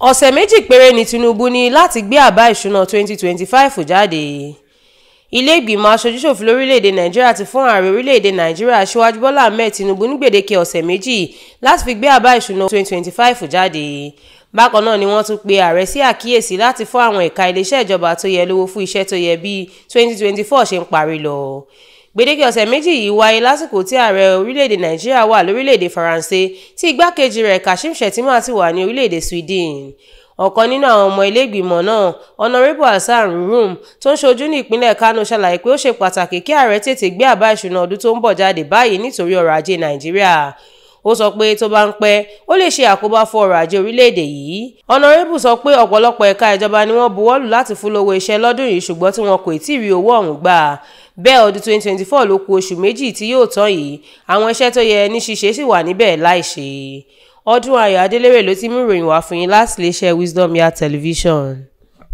ọ̀sẹ̀ méjì péré ni Tinubu ní láti gbé àbá ìṣúná 2025 jáde ilé ìgbìmọ̀ aṣojúṣòfin lórílẹ̀‐èdè nàìjíríà ti fún ààrẹ orílẹ̀‐èdè nàìjíríà aṣíwájú bọ́lá ahmed tinubu ní gbèdéke ọ̀sẹ̀ méjì láti fi gbé àbá ìṣúná 2025 jáde bákan náà ni wọ́n tún pe ààrẹ sí àkíyèsí láti fún àwọn ẹ̀ka iléeṣẹ́ ìjọba tó yẹ lówó fún iṣẹ́ tó yẹ bí 2024 ṣe ń parí lọ gbèdéke ọ̀sẹ̀ méjì yìí wáyé lásìkò tí ààrẹ orílẹ̀-èdè nàìjíríà wà lórílẹ̀-èdè faransé tí igbákejì rẹ̀ kashim shettima ti wà ní orílẹ̀-èdè sweden ọ̀kan nínú àwọn ọmọ iléègbìmọ̀ náà honorable hasan ruhum tó ń ṣojú ní ìpínlẹ̀ kano ṣàlàyé pé ó ṣe pàtàkì kí ààrẹ tètè gbé àbá ìṣúná ọdún tó ń bọ̀ jáde báyìí nítorí ọrọ̀ ajé nàìjíríà ó sọ pé tó bá ń pẹ́ ó lè ṣe àkóbá fún ọrọ̀ ajé orílẹ̀-èdè yìí ọ̀nàrẹ́bù sọ pé ọ̀pọ̀lọpọ̀ ẹ̀ka ìjọba ni wọ́n buwọ́lù láti fún lówó iṣẹ́ lọ́dún yìí ṣùgbọ́n tí wọn kò tí ì rí owó ọ̀hún gbà bẹ́ẹ̀ ọdún 2024 ló kù oṣù méjì tí yóò tán yìí àwọn iṣẹ́ tó yẹ ní ṣíṣe sì wà níbẹ̀ láìṣe ọdún ayọ̀ adélèrè ló ti mú ìròyìn wá fún yín láti iléeṣẹ́ Wisdom Yard television.